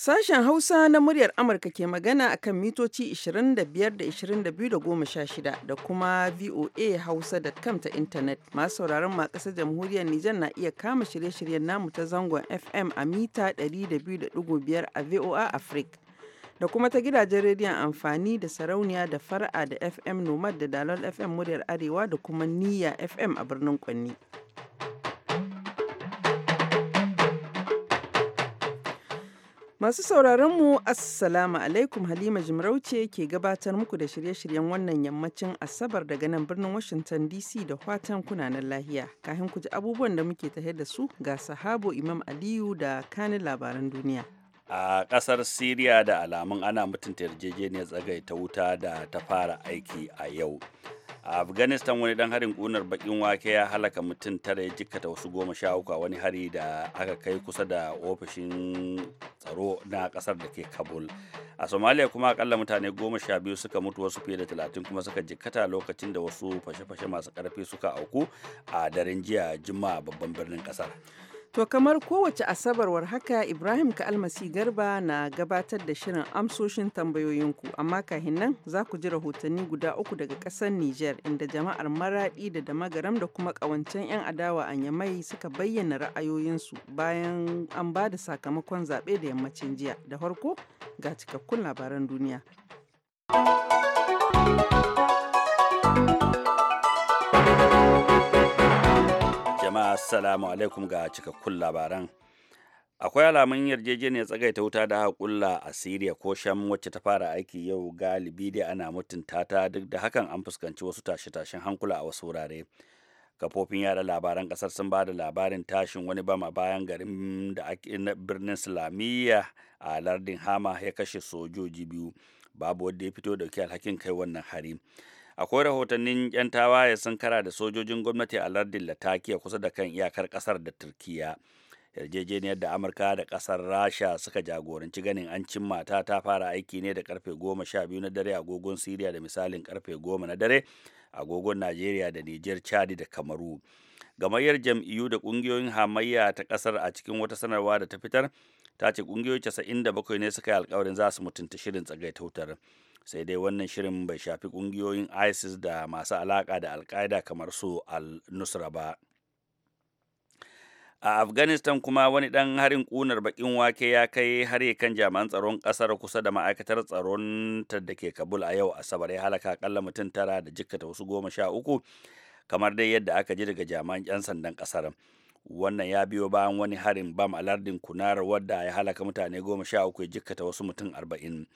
Sashen Hausa na muryar Amurka ke magana a kan mitoci 25 da 22 da kuma VOA Hausa.com ta intanet. Masu sauraron ma ƙasar jamhuriyar Nijar na iya kama shirye-shiryen namu ta zangon FM a mita 200.5 a VOA Africa. Da kuma ta gidajen rediyon amfani da sarauniya da fara'a da FM Nomad da Dalol FM muryar Arewa da kuma Niyya FM a birnin Kwanni. Masu sauraron mu Assalamu alaikum Halima Jimarauce ke gabatar muku da shirye-shiryen wannan yammacin Asabar daga nan birnin Washington DC da fatan kunanan lahiya. Kahin ku ji abubuwan da muke tahe da su ga sahabo Imam Aliyu da kanin labaran duniya. A ƙasar Siriya da alamun ana mutunta yarjejeniyar tsagaita wuta da ta fara aiki a yau. a afghanistan wani dan harin kunar bakin wake ya halaka mutum tara ya jikkata wasu goma sha uku a wani hari da aka kai kusa da ofishin tsaro na kasar da ke kabul a somalia kuma akalla mutane goma sha biyu suka mutu wasu fiye da talatin kuma suka jikkata lokacin da wasu fashe-fashe masu karfi suka auku a daren jiya juma'a babban birnin kasar To kamar kowace asabarwar haka Ibrahim Ka'almasi Garba na gabatar da shirin amsoshin tambayoyinku amma kahin nan za ku ji rahotanni guda uku daga ƙasar Nijar inda jama'ar maraɗi da damagaram da kuma ƙawancen 'yan adawa a Yamai suka bayyana ra'ayoyinsu bayan an ba da sakamakon zaɓe da yammacin jiya. Da farko ga cikakkun labaran duniya. jama'a assalamu alaikum ga cikakkun labaran akwai alamun yarjejeniyar tsagaita wuta da kulla a siriya ko sham wacce ta fara aiki yau galibi da ana mutunta ta duk da hakan an fuskanci wasu tashe-tashen hankula a wasu wurare kafofin yada labaran kasar sun ba da labarin tashin wani bama bayan garin da na birnin islamiyya a lardin hama ya kashe sojoji biyu babu wanda ya fito da alhakin kai wannan hari akwai rahotannin 'yan tawaye sun kara da sojojin gwamnati a lardin latakia kusa da kan iyakar kasar da turkiya yarjejeniyar da amurka da kasar rasha suka jagoranci ganin an cimma ta ta fara aiki ne da karfe goma sha biyu na dare agogon siriya da misalin karfe goma na dare agogon najeriya da nijar chadi da kamaru gamayyar jam'iyyu da kungiyoyin hamayya ta kasar a cikin wata sanarwa da ta fitar ta ce kungiyoyi 97 ne suka yi alkawarin za su mutunta shirin tsagaita wutar sai dai wannan shirin bai shafi kungiyoyin isis da masu alaka da alkaida kamar su al-nusra ba a afghanistan kuma wani dan harin kunar bakin wake ya kai hari kan jami'an tsaron kasar kusa da ma'aikatar tsaron ta da ke kabul a yau asabar ya halaka akalla mutum tara da jikkata wasu goma sha uku kamar dai yadda aka ji daga jami'an 'yan sandan kasar wannan ya biyo bayan wani harin bam a lardin kunar wadda ya halaka mutane goma sha uku ya jikkata wasu mutum arba'in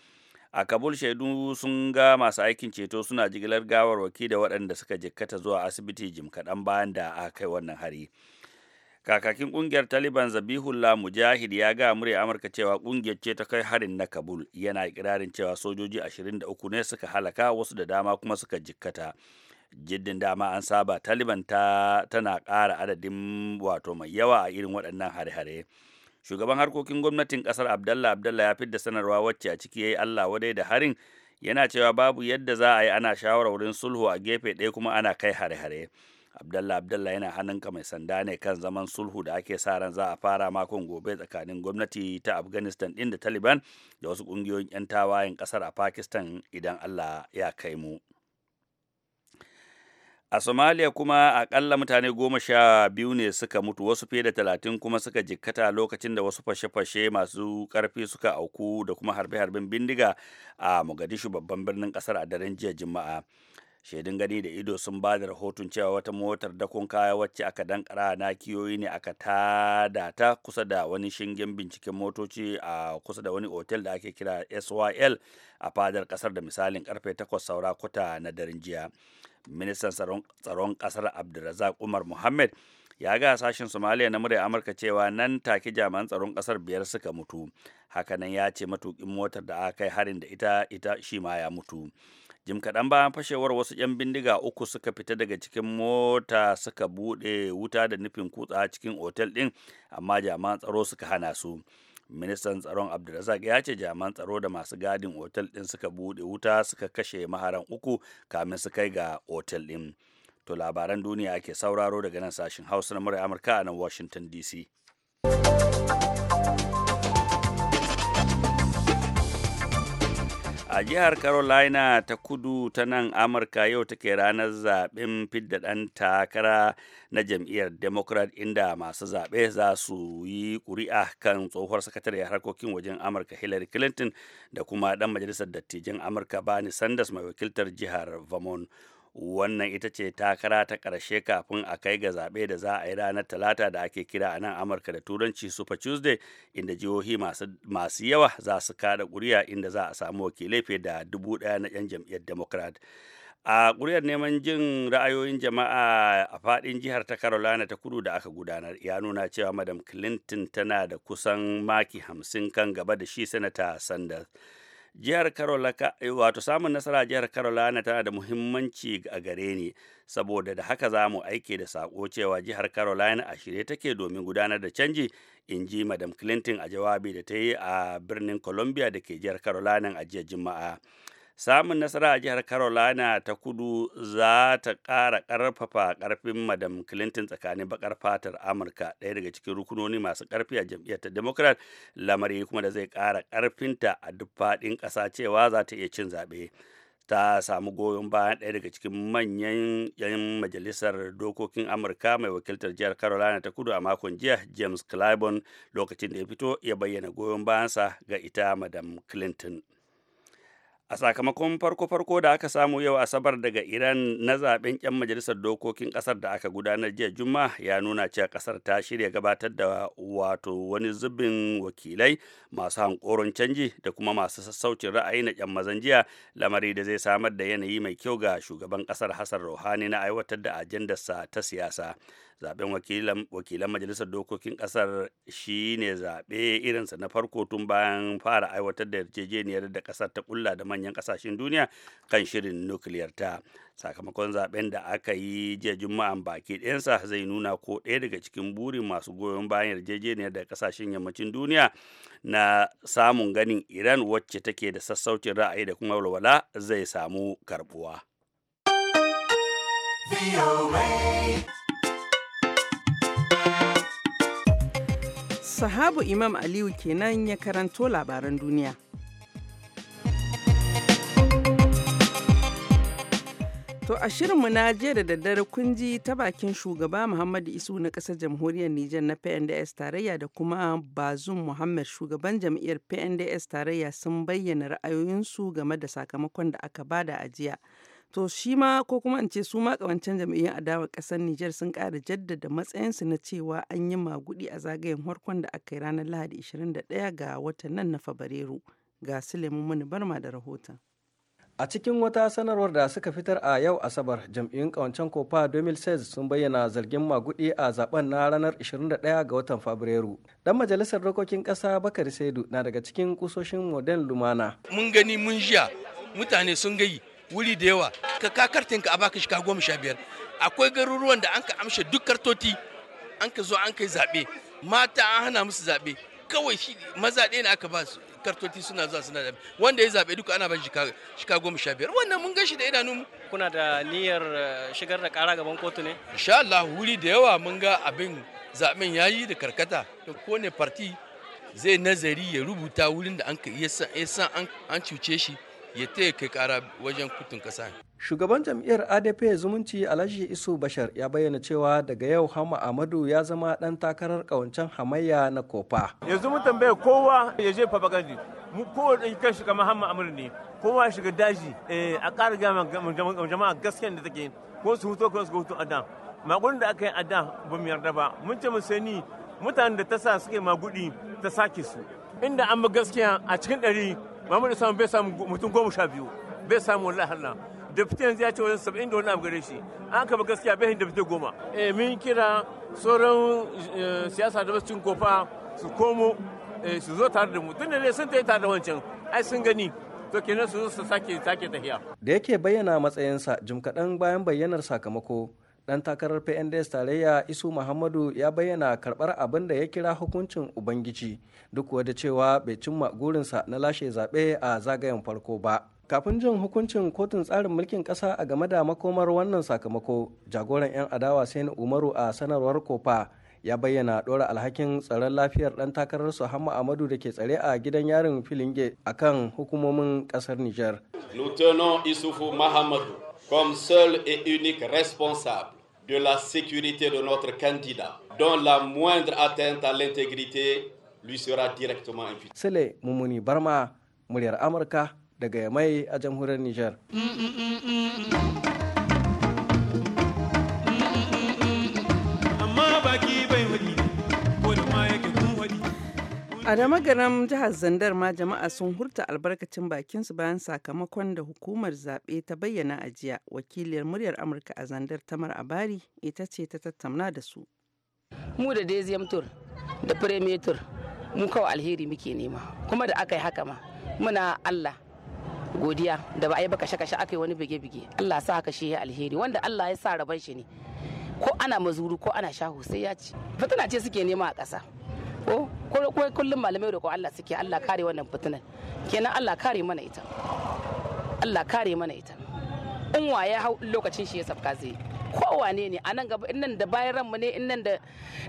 a kabul shaidu sun ga masu aikin ceto suna jigilar gawarwaki da waɗanda suka jikkata zuwa asibiti jim kaɗan bayan da aka kai wannan hari kakakin ƙungiyar taliban zabihullah mujahid ya ga murya amurka cewa ƙungiyar ce ta kai harin na kabul yana ikirarin cewa sojoji 23 ne suka halaka wasu da dama kuma suka jikkata jiddin dama an saba taliban ta tana ƙara adadin wato mai yawa a irin waɗannan hare-hare shugaban harkokin gwamnatin kasar abdallah abdallah ya fidda sanarwa wacce a ciki ya yi allah wadai da harin yana cewa babu yadda za a yi ana shawarwarin sulhu a gefe ɗaya kuma ana kai hare-hare abdallah abdallah yana hannunka mai sanda ne kan zaman sulhu da ake sa ran za a fara makon gobe tsakanin gwamnati ta afghanistan ɗin da taliban da wasu ƙungiyoyin 'yan tawayen kasar a pakistan idan allah ya kai mu. a somalia kuma akalla mutane goma sha biyu ne suka mutu wasu fiye da talatin kuma suka jikkata lokacin da wasu fashe-fashe masu karfi suka auku da kuma harbe-harben bindiga a mogadishu babban birnin kasar a daren jiya juma'a shaidun gani da ido sun ba da rahoton cewa wata motar dakon kaya wacce aka dankara na kiyoyi ne aka tada ta kusa da wani shingen binciken motoci a kusa da wani otel da ake kira syl a fadar kasar da misalin karfe 8 saura kuta na daren jiya ministan tsaron kasar abdulrazak umar muhammad ya ga sashen somaliya na murya amurka cewa nan take jami'an tsaron kasar biyar suka mutu hakanan ya ce matukin motar da aka kai harin da ita ita shi ma ya mutu jim kaɗan bayan fashewar wasu 'yan bindiga uku suka fita daga cikin mota suka buɗe wuta da nufin kutsa cikin otel ɗin amma jami'an tsaro suka hana su ministan tsaron abdulrazak ya ce jaman tsaro da masu gadin otel din suka bude wuta suka kashe maharan uku kamin su kai ga otel din to labaran duniya ke sauraro daga nan sashen hausa na murai amurka a nan washington dc a jihar carolina ta kudu ta nan amurka yau take ranar zaɓen fidda ɗan takara na jam'iyyar democrat inda masu zaɓe za su yi ƙuri'a kan tsohuwar sakatare harkokin wajen amurka hillary clinton da kuma ɗan majalisar dattijan amurka bani sanders mai wakiltar jihar vermont wannan ita ce takara ta ƙarshe kafin a kai ga zaɓe da za a yi ranar talata da ake kira a nan amurka da turanci super tuesday inda jihohi masu yawa za su kada ƙuri'a inda za a samu wakilai fiye da dubu ɗaya na 'yan jam'iyyar democrat a ƙuri'ar neman jin ra'ayoyin jama'a a faɗin jihar ta carolina ta kudu da aka gudanar ya nuna cewa madam clinton tana da kusan maki hamsin kan gaba da shi sanata sanders jihar Carolina eh, wato samun nasara a jihar Carolina tana da muhimmanci a gare ni saboda da haka za mu aike da sako cewa jihar Carolina a shirye take domin gudanar da canji in ji Madam Clinton a jawabi da ta yi a birnin Columbia da ke jihar Carolina a jiya Juma'a. samun nasara a jihar carolina ta kudu za ta ƙara ƙarfafa ƙarfin madam clinton tsakanin bakar fatar amurka ɗaya daga cikin rukunoni masu karfi a jam'iyyar ta democrat lamari kuma da zai ƙara ƙarfinta a duk faɗin ƙasa cewa za ta iya cin zaɓe ta samu goyon bayan ɗaya daga cikin manyan 'yan majalisar dokokin amurka mai wakiltar jihar carolina ta kudu a makon jiya james clyburn lokacin da ya fito ya bayyana goyon bayansa ga ita madam clinton a sakamakon farko-farko da aka samu yau asabar daga iran na zaben 'yan majalisar dokokin kasar da aka gudanar jiya juma ya nuna cewa kasar ta shirya gabatar da wato wani zubin wakilai masu hankoron canji da kuma masu sassaucin ra'ayi na 'yan mazan jiya lamari da zai samar da yanayi mai kyau ga shugaban kasar hassan rohani na aiwatar da ajandarsa ta siyasa zaben wakilan majalisar dokokin kasar shi ne zaɓe irinsa na farko tun bayan fara aiwatar da yarjejeniyar da kasar ta kulla da manyan kasashen duniya kan shirin nukiliyar ta sakamakon zaben da aka yi jiya juma'an baki ɗayansa zai nuna ko ɗaya daga cikin burin masu goyon bayan yarjejeniyar da kasashen yammacin duniya na samun ganin iran wacce take da sassaucin ra'ayi da kuma walwala zai samu karbuwa. Sahabu Imam Aliyu kenan ya karanto labaran duniya. To a shirinmu na jiya da daddare kun ji ta bakin shugaba Muhammadu Isu na ƙasar jamhuriyar Nijar na PNDS tarayya da kuma Bazum Muhammad shugaban jam'iyyar PNDS tarayya sun bayyana ra'ayoyinsu game da sakamakon da aka bada a jiya. To shi ma ko kuma in ce su ma kawancen jam'iyyun adawar kasar Nijar sun kara jaddada matsayinsu na cewa an yi magudi a zagayen harkon da aka yi ranar Lahadi 21 ga watan nan na Fabrairu. Ga Suleiman Muni Barma da rahoton. A cikin wata sanarwar da suka fitar a yau Asabar, jam'iyyun kawancen Kofa 2006 sun bayyana zargin magudi a zaben na ranar 21 ga watan Fabrairu. Dan majalisar dokokin ƙasa Bakari Saidu na daga cikin kusoshin modern Lumana. Mun gani mun jiya mutane sun gayi wuri da yawa ka ka kartin ka a baka shiga goma sha biyar akwai garuruwan da an ka amshe duk kartoti an ka zo an kai zaɓe mata an hana musu zaɓe kawai shi maza ɗaya ne aka ba su kartoti suna zuwa suna zaɓe wanda ya zaɓe duka ana ba shiga goma sha biyar wannan mun gashi da idanun kuna da niyyar eh, shigar da ƙara gaban kotu ne insha Allah wuri da yawa mun ga abin zaɓen ya yi da karkata ko ne parti zai nazari ya rubuta wurin da an ka san an cuce shi ya taya kai kara wajen kutun kasa shugaban jam'iyyar adp zumunci alhaji isu bashar ya bayyana cewa daga yau hama amadu ya zama dan takarar kawancen hamayya na kofa yanzu mun tambaya kowa ya je fabagandi mu kowa da kan shiga hama amadu ne kowa ya shiga daji eh, a ƙara gama jama'a gaskiyar da take ko su hutu ko su hutu a da da aka yi a da ba mu yarda ba mun ce mu sani mutanen da ta sa suke magudi ta sake su inda an bi gaskiya a cikin ɗari Mahmud Isam bai samu mutum goma sha biyu bai samu wallahi Allah dafita yanzu ya ce wajen saba'in da wani abu gare shi an kama gaskiya bai hin goma. Eh min kira sauran eh, siyasa da basu kofa su komo eh, su zo tare da mu tun da sun ta yi tare da wancan ai sun gani to kenan su zo su sake sake tafiya. Da yake bayyana matsayinsa jim kaɗan bayan bayyanar sakamako dan takarar pnds tarayya isu muhammadu ya bayyana karbar abin da ya kira hukuncin ubangiji duk da cewa bai cimma gurinsa na lashe zaɓe a zagayen farko ba kafin jin hukuncin kotun tsarin mulkin ƙasa a game da makomar wannan sakamako jagoran 'yan adawa sai na umaru a sanarwar kofa ya bayyana ɗora alhakin tsaron lafiyar ɗan takarar su hamma amadu da ke tsare a gidan yarin filinge kan hukumomin ƙasar niger nous isufu Muhammadu comme seul et unique responsable de la sécurité de notre candidat, dont la moindre atteinte à l'intégrité lui sera directement imputée. Barma, Niger. Mm, mm, mm, A da jihar Zandar ma jama'a sun hurta albarkacin bakinsu bayan sakamakon da hukumar zaɓe ta bayyana a jiya. Wakiliyar muryar Amurka a Zandar Tamar Abari ita ce ta tattauna da su. Mu da tur da Premier mu kawai alheri muke nema kuma da aka yi haka ma muna Allah godiya da ba a yi ba kashe-kashe aka yi wani bige-bige Allah sa haka shi ya alheri wanda Allah ya sa raban shi ne ko ana mazuru ko ana shahu sai ya ci fitina ce suke nema a ƙasa ko kullum malamai da ko Allah suke Allah kare wannan fitinar kenan Allah kare mana ita Allah kare mana ita in ya hau lokacin shi ya safka zai kowane ne a nan gaba innan da bayan mu ne innan da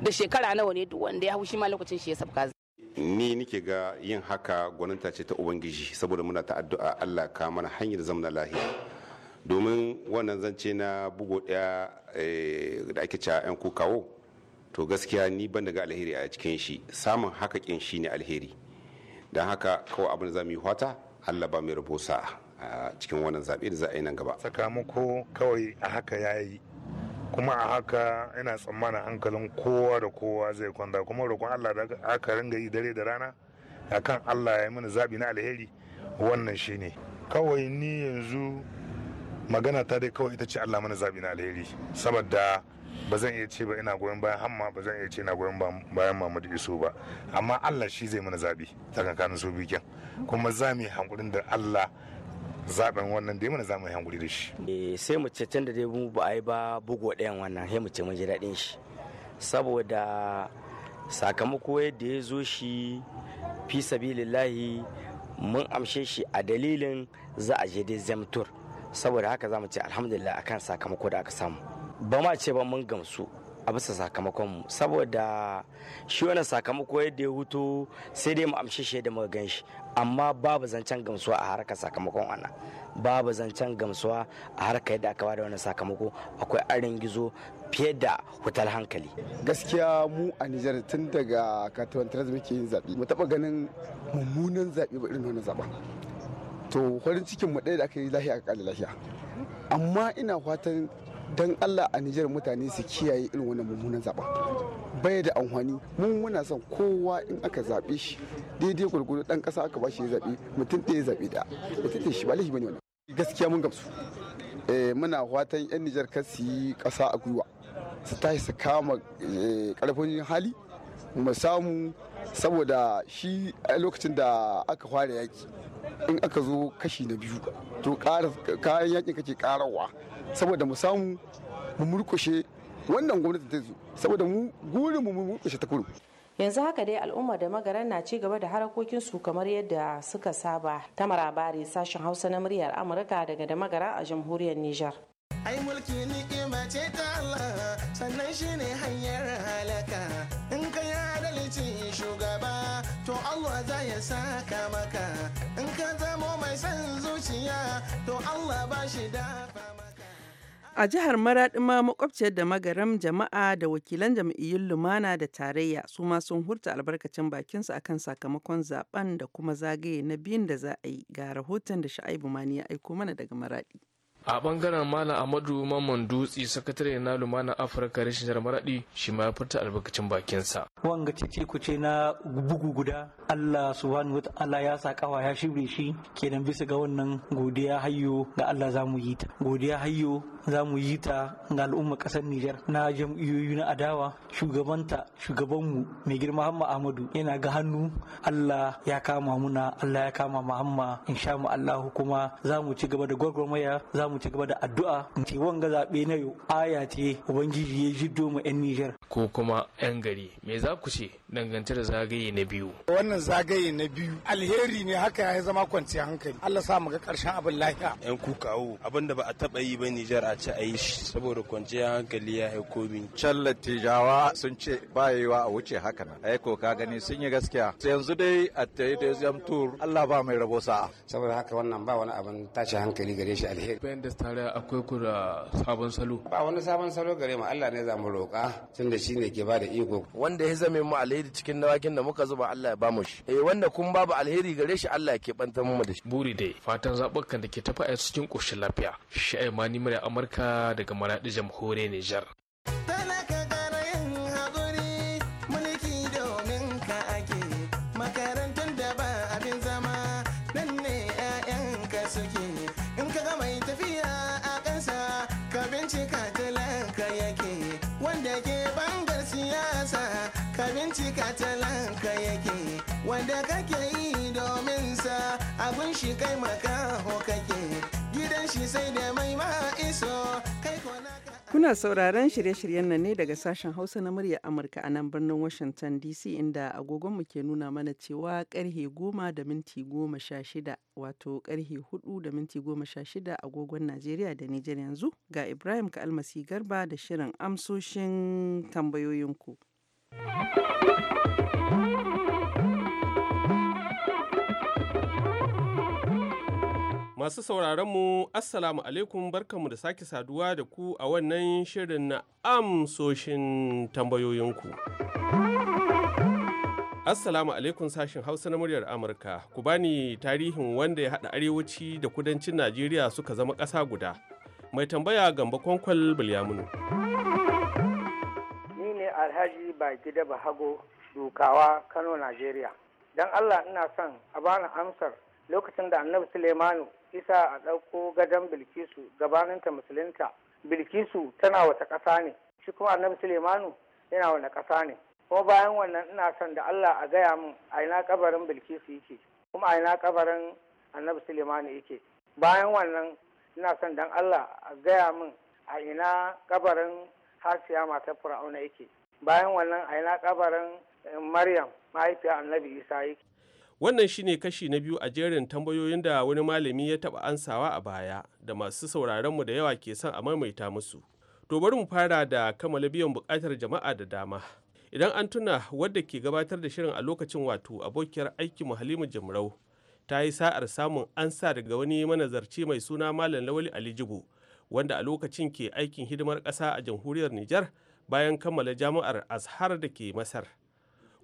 da shekara nawa ne duk wanda ya hau shi ma lokacin shi ya safka zai ni nike ga yin haka gwaninta ce ta ubangiji saboda muna ta addu'a Allah ka mana hanyar zamna lahiya domin wannan zance na bugo daya eh, da ake cewa yan kukawo to gaskiya ni ban daga alheri a cikin shi samun haka kin shi ne alheri don haka kawai abin za mu yi wata allah ba mai rabo sa a cikin wannan zaɓe da za a yi nan gaba sakamako kawai a haka ya yi kuma a haka ina tsammanin hankalin kowa da kowa zai kwanta kuma roƙon allah da aka ringa yi dare da rana akan allah ya yi mana zaɓi na alheri wannan shi ne kawai ni yanzu magana ta dai kawai ita ce allah mana zaɓi na alheri saboda ba zan iya ce ba ina goyon bayan hamma ba zan iya ce ina goyon bayan Muhammadu Isu ba amma Allah shi zai mana zabi tsakankanin su bikin kuma za mu yi hankulin da Allah zaben wannan dai mana za mu yi hankuli da shi eh, sai mu ce can da dai mu ba a yi ba bugu ɗayan wannan sai mu ce mun ji daɗin shi saboda sakamako yadda ya zo shi fi sabilillahi mun amshe shi a dalilin za a je dai zamtur saboda haka za mu ce alhamdulillah akan sakamako da aka samu ba ma ce ba mun gamsu a bisa sakamakon mu saboda shi wannan sakamako yadda ya hutu sai dai mu amshi shi da muka gan shi amma babu zancen gamsuwa a harkar sakamakon wannan babu zancen gamsuwa a harkar yadda aka bada wannan sakamako akwai arin gizo fiye da hutar hankali gaskiya mu a Nijar tun daga katuwan taras muke yin zaɓe mu taɓa ganin mummunan zaɓe ba irin wani zaɓa to farin cikin mu ɗaya da aka yi lahiya a lahiya amma ina fatan don allah a nijar mutane su kiyaye irin wannan mummunan zaɓa bai da amfani mun muna son kowa in aka zaɓe shi daidai gwargwado ɗan ƙasa aka ba shi ya zaɓe mutum ɗaya zaɓe da mutum ɗaya shi ba laifi bane wani. gaskiya mun gamsu eh, muna watan yan nijar kar su yi ƙasa a gwiwa su tashi su kama eh, ƙarfin hali mu samu saboda shi a lokacin da aka fara yaki in aka zo kashi na biyu to kayan yakin kake karawa saboda mu samu mu murkushe wannan gwamnati ta zo saboda mu gurin mu murkushe ta kuru yanzu haka dai al'ummar da magaran na ci gaba da harakokin su kamar yadda suka saba ta marabari sashen hausa na muryar amurka daga da magara a jamhuriyar nijar ai mulki ni'ima ce ta Allah sannan shine hanyar halaka in ka yi adalci shugaba to Allah za ya saka maka in ka zamo mai son zuciya to Allah ba shi da A jihar Maraɗi ma makwabciyar da magaram jama'a da wakilan jam'iyyun Lumana da Tarayya su ma sun hurta albarkacin bakinsu akan sakamakon zaben da kuma zagaye na biyun da za a yi ga rahoton da Sha'ibu Mani ya aiko mana daga Maraɗi. a bangaren malam ahmadu mamman dutse sakatare na lumana afirka rashin maraɗi shi ma ya furta albarkacin bakinsa wanga cece ce na bugu guda allah subhanahu ta'ala ya sa kawa ya shirye shi kenan bisa ga wannan godiya hayyo ga allah za mu yi ta godiya hayyo za mu yi ta ga al'umma ƙasar Nijar na jam'iyyoyi na adawa shugabanta shugabanmu mai girma Hamma Ahmadu yana ga hannu Allah ya kama muna Allah ya kama Muhammad Hamma insha mu Allah kuma za mu ci gaba da gwagwarmaya za mu ci gaba da addu'a in ce wanga zaɓe na yau aya ce ubangiji ya jiddo mu 'yan Nijar ko kuma 'yan gari me za ku ce dangance da zagaye na biyu. Wannan zagaye na biyu alheri ne haka ya zama kwanci hankali. Allah sa mu ga karshen abin lafiya. Yan kukawo abin da ba a taba yi ba Nijar a ci a yi shi saboda kwanci hankali ya haiko min. Challar Tijawa sun ce ba yiwa a wuce haka nan. Ai ko ka gani sun yi gaskiya. Sai yanzu dai a tayi da zam tur Allah ba mai rabo sa'a. Saboda haka wannan ba wani abin tashi hankali gare shi alheri. Bayan da tare akwai ku da sabon salo. Ba wani sabon salo gare mu Allah ne za mu roƙa tunda shine ke ba da iko. Wanda ya zame mu alheri alheri cikin nawakin da muka zuba Allah ya bamu shi eh wanda kun babu alheri gare shi Allah ya keɓanta mu da shi buri dai fatan zabukan da ke tafa a cikin koshin lafiya shi'ai mani murya Amurka daga Maradi jamhuriyar Nijar Kuna sauraron shirye-shiryen nan ne daga sashen Hausa na murya Amurka a nan birnin Washington DC inda agogonmu ke nuna mana cewa karhe goma da minti goma sha shida wato karhe hudu da minti goma sha shida agogon Najeriya da Nijar yanzu ga Ibrahim Kalmasi Garba da shirin amsoshin tambayoyinku. Masu sauraronmu, Assalamu alaikum barkanmu da sake saduwa da ku a wannan shirin na amsoshin tambayoyinku. Assalamu alaikum sashin Hausa na muryar Amurka, ku bani tarihin wanda ya haɗa arewaci da kudancin Najeriya suka zama ƙasa guda. Mai tambaya gamba kwankwal bilyamunu Ni ne Alhaji Baki da Bahago, Dukawa, Kano, Najeriya. Don Allah ina son a bani amsar lokacin da annabi sulemanu isa a ɗauko gadon bilkisu gabaninta musulunta bilkisu tana wata ƙasa ne shi kuma annabi sulemanu yana wani ƙasa ne kuma bayan wannan ina son da allah a gaya min a ina kabarin bilkisu yake kuma a ina kabarin annabi sulemanu yake bayan wannan ina son dan allah a gaya min a ina kabarin hasiya matar fir'auna yake bayan wannan a ina kabarin maryam mahaifiyar annabi isa yake Wannan shine kashi na biyu a jerin tambayoyin da wani malami ya taɓa ansawa a baya da masu sauraron mu da yawa ke son a maimaita musu. To bari mu fara da kammala biyan buƙatar jama'a da dama. Idan an tuna wadda ke gabatar da shirin a lokacin wato abokiyar mu halimu Jimrau ta yi sa'ar samun ansa daga wani manazarci mai suna Malam Lawali Ali Jibo wanda a lokacin ke aikin hidimar ƙasa a jamhuriyar Nijar bayan kammala jami'ar Azhar da ke Masar.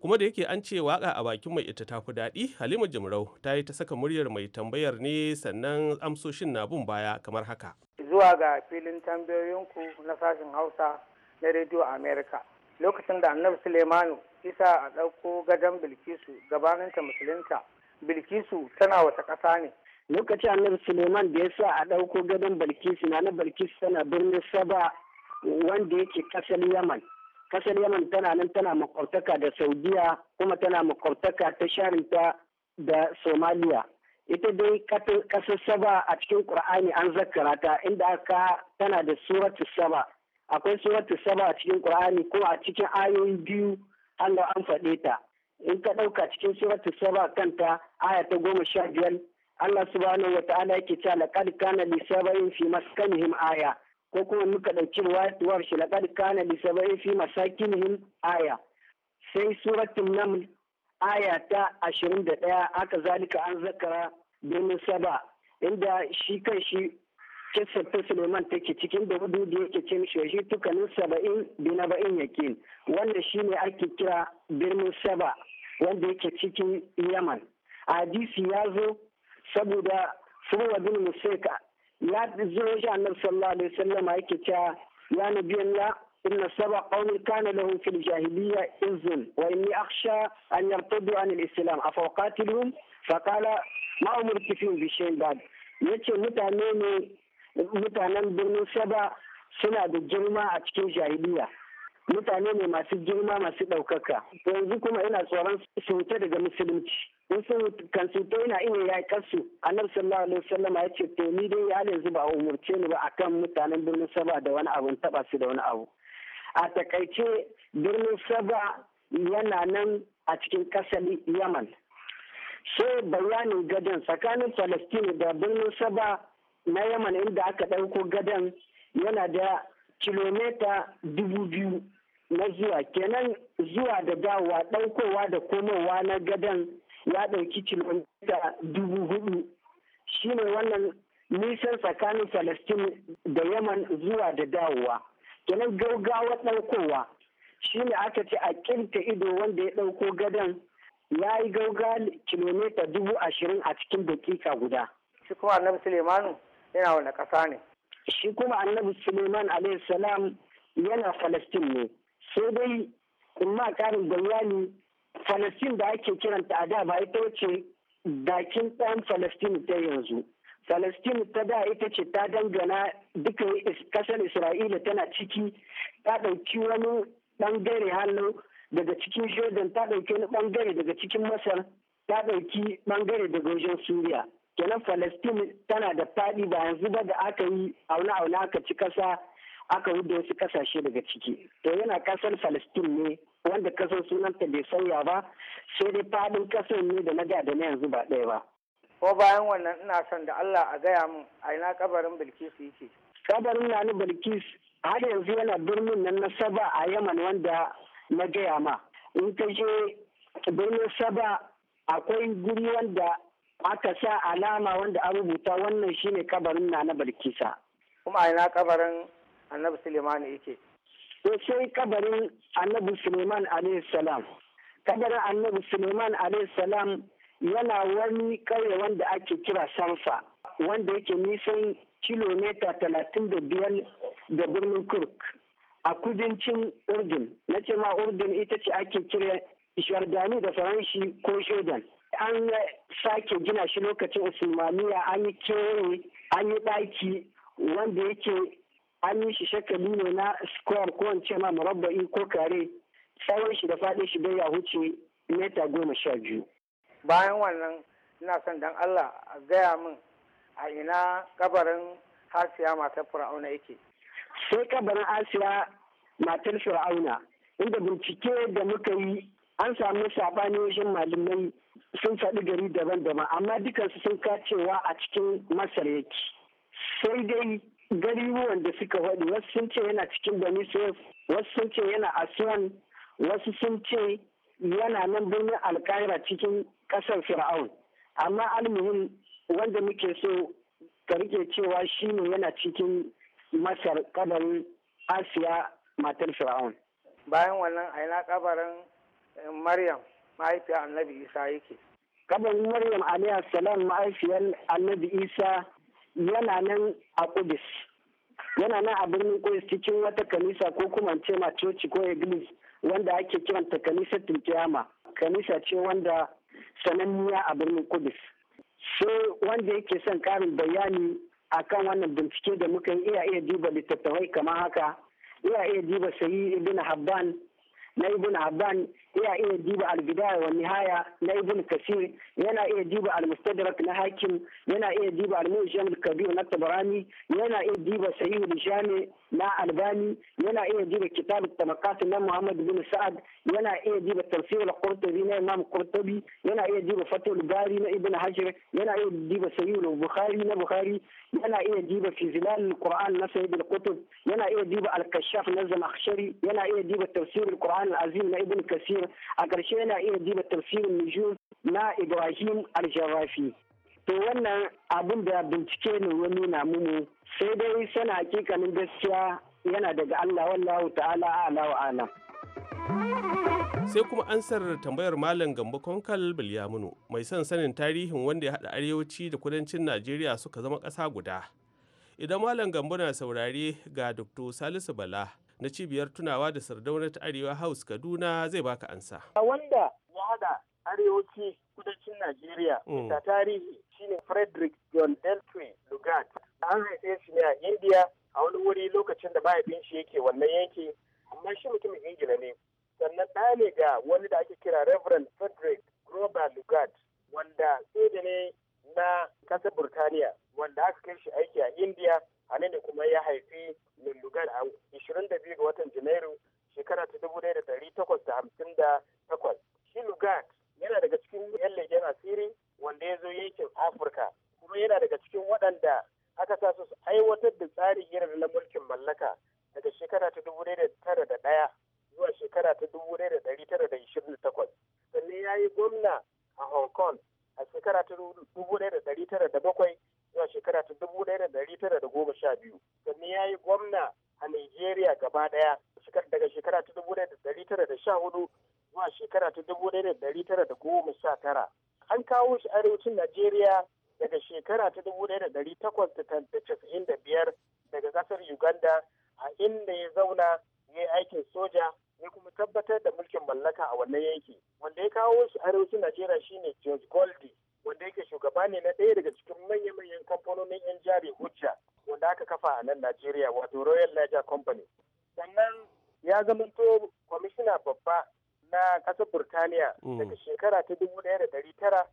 kuma da yake an ce waka a bakin mai ita tafi daɗi halima jimrau ta yi ta saka muryar mai tambayar ne sannan amsoshin na bin baya kamar haka zuwa ga filin tambayoyinku na sashen hausa na rediyo america lokacin da annabi sulemanu isa a ɗauko gadon bilkisu gabaninta musulunta bilkisu tana wata ƙasa ne lokacin annabi suleiman da ya sa a ɗauko gadon bilkisu na na bilkisu tana birnin saba wanda yake kasar yaman kasar yaman tana nan tana makwabtaka da saudiya kuma tana makwabtaka ta sharinta da somaliya ita dai kasar saba a cikin qur'ani an zakara ta inda aka tana da suratu saba akwai suratu saba a cikin qur'ani kuma a cikin ayoyi biyu Allah an faɗe ta in ka ɗauka cikin suratu saba kanta aya ta goma sha biyar Allah subhanahu wa ta'ala yake cewa laqad kana li sabain fi maskanihim aya ko kuma muka ɗauki ruwar shi laƙar kana li sabai fi masakinihim aya sai suratun nan aya ta ashirin da ɗaya aka zalika an zakara birnin saba inda shi kan shi kisar ta suleiman take cikin da hudu da yake ce mishi shi tukanin saba'in bi na ba'in yakin wanda shi ne ake kira birnin saba wanda yake cikin yaman hadisi ya zo saboda furwa bin musaika يا الزوج النبي صلى الله عليه وسلم هيك كتا يا نبي الله إن سبع قوم كان لهم في الجاهلية إذن وإني أخشى أن يرتدوا عن الإسلام أفوقاتلهم فقال ما أمرت فيهم بشيء بعد يتشي متعنين متعنين برنو سبع سنة بالجرمة أتكي الجاهلية mutane ne masu girma masu ɗaukaka yanzu kuma ina tsoron su wuce daga musulunci wasu kan su to ina iya ya kasu annabi sallallahu alaihi wasallam ya ce to ni dai har yanzu ba umurce ni ba akan mutanen birnin saba da wani abu taba su da wani abu a takaice birnin saba yana nan a cikin kasar yaman sai bayanin gadon tsakanin palestine da birnin saba na yaman inda aka ɗauko gadon yana da kilomita dubu biyu na zuwa kenan zuwa da dawowa ɗaukowa da komowa na gadon ya ɗauki kilomita dubu hudu shine wannan nisan tsakanin Falastin da Yaman zuwa da dawowa. Kenan gaugawa ɗaukowa shi ne aka ce a ƙinta ido wanda ya ɗauko gadon ya yi gauga kilomita dubu ashirin a cikin dakika guda. Shi kuma Annabi Suleimanu yana wani ƙasa ne? shi kuma annabi suleiman salam yana falastin ne sai dai in ma karin bayani falastin da ake kiranta a da ba ita wace bakin ɗan falastin ta yanzu falastin ta da ita ce ta dangana duka kasar isra'ila tana ciki ta ɗauki wani ɓangare hannu daga cikin jordan ta ɗauki wani ɓangare daga cikin masar ta ɗauki ɓangare daga wajen suriya kenan Falastin tana da faɗi ba yanzu ba da aka yi auna auna aka ci kasa aka wuce wasu kasashe daga ciki to yana kasar Falastin ne wanda kasar sunanta bai sauya ba sai dai faɗin kasar ne da na da na yanzu ba ɗaya ba. Ko bayan wannan ina son da Allah a gaya min a ina kabarin Bilkisu yake. Kabarin Nani Bilkis har yanzu yana birnin nan na Saba a Yaman wanda na gaya ma. In ka je birnin Saba akwai guri wanda aka sa alama wanda an rubuta wannan shine kabarin na na Balkisa. Kuma a ina kabarin Annabi Suleiman yake? To sai kabarin Annabi Suleiman alaihi salam. Kabarin Annabi Suleiman alaihi salam yana wani ƙauye wanda ake kira Sanfa wanda yake nisan kilomita talatin da biyar da birnin Kurk a kudancin Urdun. Na ce ma Urdun ita ce ake kira Shardani da Faranshi ko Shodan. an sake gina shi lokacin usmaniya an yi kewaye an yi ɗaki wanda yake an yi shi shakali ne na square ko wance ma murabba'i ko kare tsawon shi da faɗin shi bai ya huce mita goma sha biyu. bayan wannan ina son dan allah a gaya min a ina kabarin hasiya matar fir'auna yake sai kabarin asiya matar fir'auna inda bincike da muka yi an samu saɓani wajen malamai sun faɗi gari daban-daban amma dukansu sun kacewa a cikin masar yake sai dai garibuwan da suka faɗi wasu sun ce yana cikin bani wasu sun ce yana asuwan wasu sun ce yana nan birnin alkaira cikin ƙasar fir'aun amma almuhim wanda muke so ka rike cewa shi ne yana cikin masar kabarin asiya matar fir'aun bayan wannan aina kabarin eh, maryam mahaifiyar annabi isa yake kabarin maryam alayhi salam mahaifiyar annabi isa yana nan a kudus yana nan a birnin kudus cikin wata kanisa ko kuma ce ma coci ko iglis wanda ake kiranta kanisa tilkiyama kanisa ce wanda sananniya a birnin kudus sai wanda yake son karin bayani akan wannan bincike da muka yi iya iya duba littattafai kamar haka iya iya duba sayi ibn habban na ibn habban يا إيه ديبو على البداية والنهاية نايبون كثير ينا إيه ديبو على المستدرك نهاكم ينا إيه ديبو على موجام الكبير نتبراني ينا إيه ديبو سيد الجامي لا ألباني ينا إيه ديبو كتاب الطبقات نا محمد بن سعد ينا إيه ديبو التفسير القرطبي نا إمام ينا إيه ديبو فتح الباري نا ابن حجر ينا إيه ديبو سيد البخاري نا بخاري ينا إيه ديبو في زلال القرآن نا سيد القطب ينا إيه على الكشاف نزل أخشري ينا إيه ديبو التفسير القرآن العظيم نا ابن كثير tafsir a ƙarshe yana iya diba tafsirin nujum na ibrahim al to wannan abin da bincike ne ya nuna mumu sai dai sana hakikanin gaskiya yana daga allah wallahu ta'ala ala wa ala sai kuma ansar tambayar malam gambo konkal bilyamunu mai son sanin tarihin wanda ya haɗa arewaci da kudancin najeriya suka zama ƙasa guda idan malam gambo na saurare ga dr salisu bala na cibiyar tunawa da sardauna ta arewa house kaduna zai baka ansa wanda ya hada arewaci kudancin najeriya da mm. tarihi shine frederick john eltwin lugard an haife shi ne a india a wani wuri lokacin da mahaifin shi yake wannan yanki amma shi mutumin ingila ne sannan ɗaya ne ga wani da ake kira reverend frederick grover lugard wanda sai ne na ƙasar burtaniya wanda aka kai shi aiki a india a nan ne kuma ya haifi lullugar a 22 ga watan janairu shekara ta 1858 shi lugard yana daga cikin 'yan legen asiri wanda ya zo yankin afirka kuma yana daga cikin waɗanda aka sa su aiwatar da tsarin yanar na mulkin mallaka daga shekara ta dubu da tara da ɗaya zuwa shekara ta dubu da dari tara da ishirin da takwas sannan ya yi gwamna a hong kong a shekara ta dubu da dari tara da bakwai zuwa shekara ta dubu ɗaya da dari tara da goma sha biyu sannan ya yi gwamna a Najeriya gaba ɗaya daga shekara ta dubu ɗaya da dari tara da sha hudu zuwa shekara ta dubu ɗaya da dari tara da goma sha tara an kawo shi arewacin Najeriya daga shekara ta dubu ɗaya da dari takwas da casa'in da biyar daga ƙasar Uganda a inda ya zauna ya yi aikin soja ya kuma tabbatar da mulkin mallaka a wannan yanki wanda ya kawo shi arewacin najeriya shine george Goldie. wanda yake shugaba ne na ɗaya daga cikin manya-manyan kamfanonin 'yan jari hujja wanda aka kafa a nan Najeriya wato Royal Niger Company. Sannan ya zamanto kwamishina babba na ƙasar Burtaniya mm. daga shekara ta dubu ɗaya da ɗari tara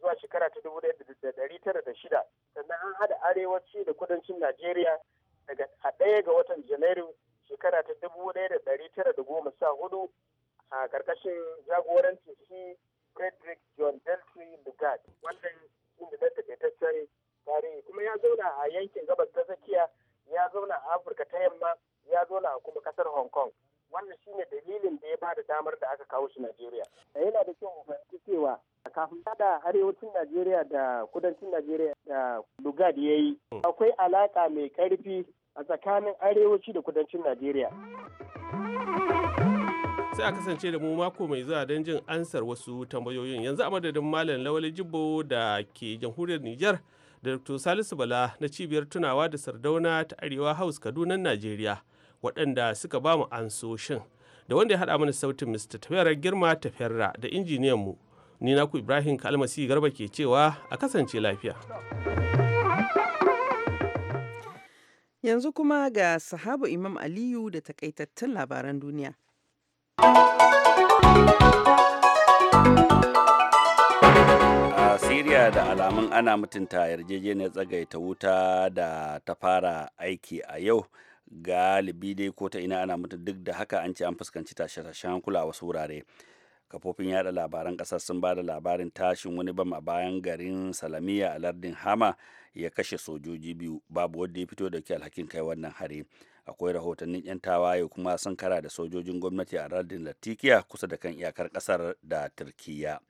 zuwa shekara ta dubu ɗaya da ɗari tara da shida. Sannan an haɗa arewaci da kudancin Najeriya daga a ɗaya ga watan Janairu shekara ta dubu ɗaya da ɗari tara da goma sha hudu a ƙarƙashin jagorancin shi Frederick John Deltry Lugard wannan inda na takaitaccen tarihi kuma ya zauna a yankin gabas ta tsakiya ya zauna a Afirka ta yamma ya zauna a kuma kasar Hong Kong wannan shine dalilin da ya bada damar da aka kawo shi Najeriya yana da kyau mu fahimci cewa kafin da arewacin Najeriya da kudancin Najeriya da Lugard ya yi akwai alaka mai karfi a tsakanin arewaci da kudancin Najeriya. sai a kasance da mu mako mai zuwa don jin ansar wasu tambayoyin yanzu a madadin malam lawali jibbo da ke jamhuriyar niger da dr salisu bala na cibiyar tunawa da sardauna ta arewa house kaduna najeriya waɗanda suka ba mu ansoshin da wanda ya haɗa mana sautin mr tafiyar girma tafiyarra da injiniyan mu ni naku ibrahim kalmasi garba ke cewa a kasance lafiya yanzu kuma ga sahabu imam aliyu da takaitattun labaran duniya a siriya da alamun ana mutunta yarjejeniyar tsagaita wuta da ta fara aiki a yau galibi dai ko ta ina ana mutu duk da haka an ce an fuskanci tashe-tashen kula wasu wurare kafofin yada labaran kasar sun ba da labarin tashin wani bam a bayan garin salamiya a lardin hama ya kashe sojoji biyu babu wanda ya fito da ke alhakin kai wannan hari akwai rahotannin 'yan tawaye kuma sun kara da sojojin gwamnati a lardin latikiya kusa da kan iyakar kasar da turkiya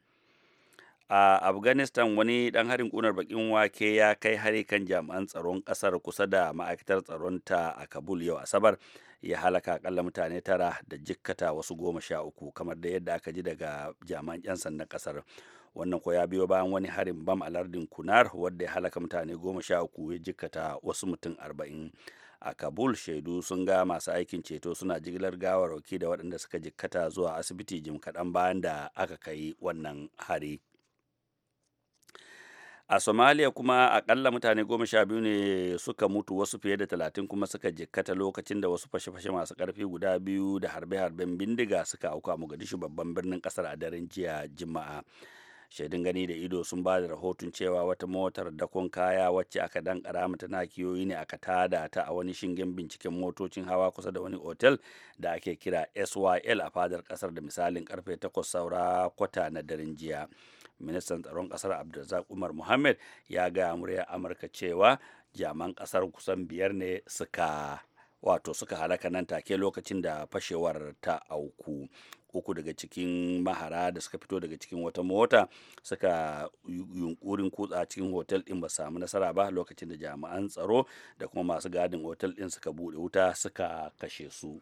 a afghanistan wani dan harin kunar bakin wake ya kai hari kan jami'an tsaron kasar kusa da ma'aikatar tsaron ta a kabul yau asabar ya halaka akalla mutane tara da jikkata wasu goma sha uku kamar da yadda aka ji daga jami'an 'yan sandan kasar wannan ko ya biyo bayan wani harin bam a lardin kunar wadda ya halaka mutane goma sha uku ya jikkata wasu mutum arba'in a kabul shaidu sun ga masu aikin ceto suna jigilar gawar gawarwaki da waɗanda suka jikkata zuwa asibiti jim kaɗan bayan da aka kai wannan hari a somaliya kuma akalla mutane goma sha biyu ne suka mutu wasu fiye da talatin kuma suka jikkata lokacin da wasu fashe-fashe masu karfi guda biyu da harbe-harben bindiga suka auka mogadishu babban birnin kasar a daren jiya juma'a shaidun gani da ido sun ba da rahoton cewa wata motar dakon kaya wacce aka dan mata na kiyoyi ne aka tada ta a wani shingen binciken motocin hawa kusa da wani otel da ake kira syl a fadar kasar da misalin karfe 8 saura kwata na daren jiya ministan tsaron kasar abdulrazak umar muhammad ya gaya murya amurka cewa jaman kasar kusan biyar ne suka wato suka halaka nan take lokacin da fashewar ta auku uku daga cikin mahara da suka fito daga cikin wata mota suka yunkurin kutsa cikin hotel din ba samu nasara ba lokacin da jami'an tsaro da kuma masu gadin hotel din suka bude wuta suka kashe su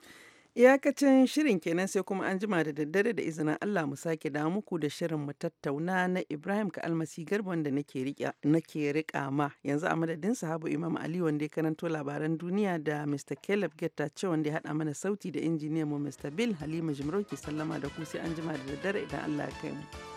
Iyakacin shirin kenan sai kuma an jima da daddare da izinin Allah mu sake da muku da shirin mu tattauna na Ibrahim ka almasi garban da nake rika ma yanzu a madadin sahabu Imam Ali wanda ya karanto labaran duniya da Mr. Caleb Getta ce wanda ya hada mana sauti da injiniyan mu Mr. Bill Halima Jimroki sallama da ku sai an jima da daddare idan Allah ya kai mu.